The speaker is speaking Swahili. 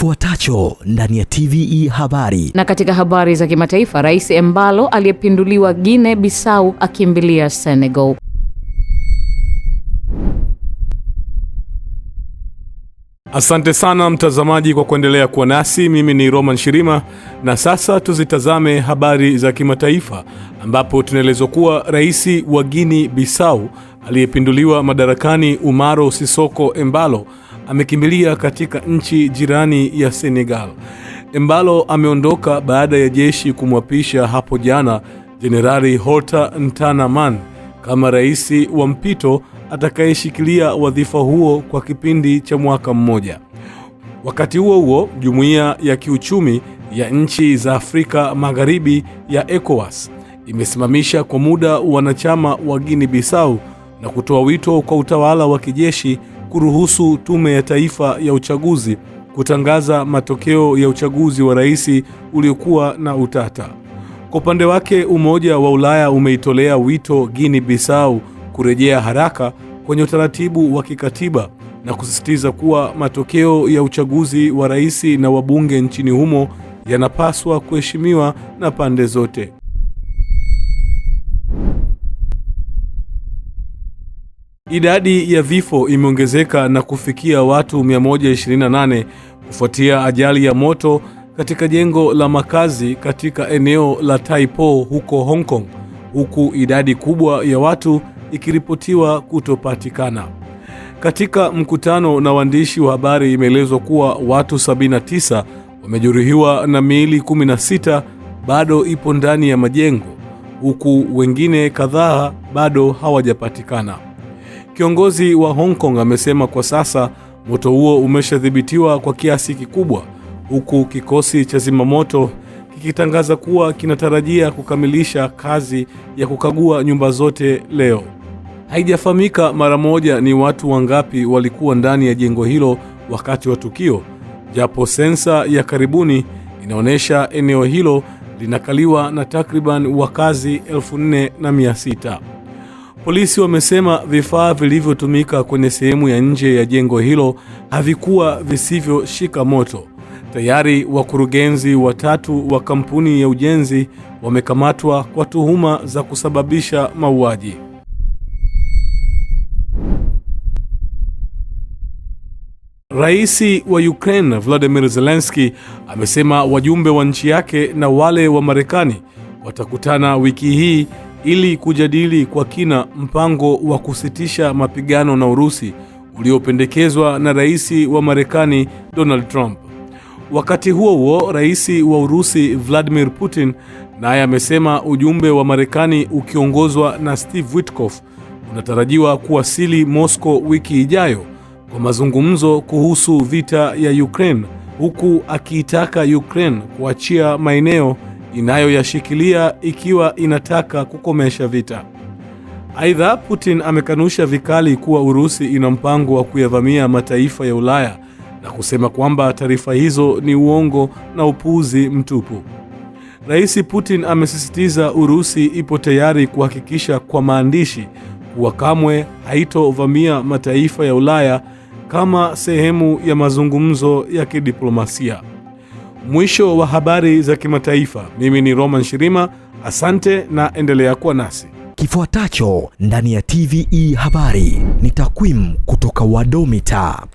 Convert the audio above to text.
kifuatacho ndani ya TVE Habari. Na katika habari za kimataifa, Rais Embalo aliyepinduliwa gine Bissau akimbilia Senegal. Asante sana mtazamaji kwa kuendelea kuwa nasi. Mimi ni Roman Shirima, na sasa tuzitazame habari za kimataifa, ambapo tunaelezwa kuwa rais wa Guinea Bissau aliyepinduliwa madarakani Umaro Sisoko Embalo amekimbilia katika nchi jirani ya Senegal. Embalo ameondoka baada ya jeshi kumwapisha hapo jana Jenerali Horta Ntanaman kama rais wa mpito atakayeshikilia wadhifa huo kwa kipindi cha mwaka mmoja. Wakati huo huo, jumuiya ya kiuchumi ya nchi za Afrika Magharibi ya ECOWAS imesimamisha kwa muda wanachama wa Guinea Bissau na kutoa wito kwa utawala wa kijeshi kuruhusu Tume ya Taifa ya Uchaguzi kutangaza matokeo ya uchaguzi wa rais uliokuwa na utata. Kwa upande wake, Umoja wa Ulaya umeitolea wito Guinea Bissau kurejea haraka kwenye utaratibu wa kikatiba na kusisitiza kuwa matokeo ya uchaguzi wa rais na wabunge nchini humo yanapaswa kuheshimiwa na pande zote. Idadi ya vifo imeongezeka na kufikia watu 128 kufuatia ajali ya moto katika jengo la makazi katika eneo la Tai Po huko Hong Kong, huku idadi kubwa ya watu ikiripotiwa kutopatikana. Katika mkutano na waandishi wa habari, imeelezwa kuwa watu 79 wamejeruhiwa na miili 16 bado ipo ndani ya majengo, huku wengine kadhaa bado hawajapatikana. Kiongozi wa Hong Kong amesema kwa sasa moto huo umeshadhibitiwa kwa kiasi kikubwa, huku kikosi cha zimamoto kikitangaza kuwa kinatarajia kukamilisha kazi ya kukagua nyumba zote leo. Haijafahamika mara moja ni watu wangapi walikuwa ndani ya jengo hilo wakati wa tukio, japo sensa ya karibuni inaonyesha eneo hilo linakaliwa na takriban wakazi 46 Polisi wamesema vifaa vilivyotumika kwenye sehemu ya nje ya jengo hilo havikuwa visivyoshika moto. Tayari wakurugenzi watatu wa kampuni ya ujenzi wamekamatwa kwa tuhuma za kusababisha mauaji. rais wa Ukraine vladimir Zelensky amesema wajumbe wa nchi yake na wale wa Marekani watakutana wiki hii ili kujadili kwa kina mpango wa kusitisha mapigano na Urusi uliopendekezwa na rais wa Marekani Donald Trump. Wakati huo huo, rais wa Urusi Vladimir Putin naye amesema ujumbe wa Marekani ukiongozwa na Steve Witkoff unatarajiwa kuwasili Moscow wiki ijayo kwa mazungumzo kuhusu vita ya Ukraine, huku akiitaka Ukraine kuachia maeneo inayoyashikilia ikiwa inataka kukomesha vita. Aidha, Putin amekanusha vikali kuwa Urusi ina mpango wa kuyavamia mataifa ya Ulaya na kusema kwamba taarifa hizo ni uongo na upuuzi mtupu. Rais Putin amesisitiza Urusi ipo tayari kuhakikisha kwa maandishi kuwa kamwe haitovamia mataifa ya Ulaya kama sehemu ya mazungumzo ya kidiplomasia. Mwisho wa habari za kimataifa. Mimi ni Roman Shirima, asante na endelea kuwa nasi. Kifuatacho ndani ya TVE habari ni takwimu kutoka Wadomita.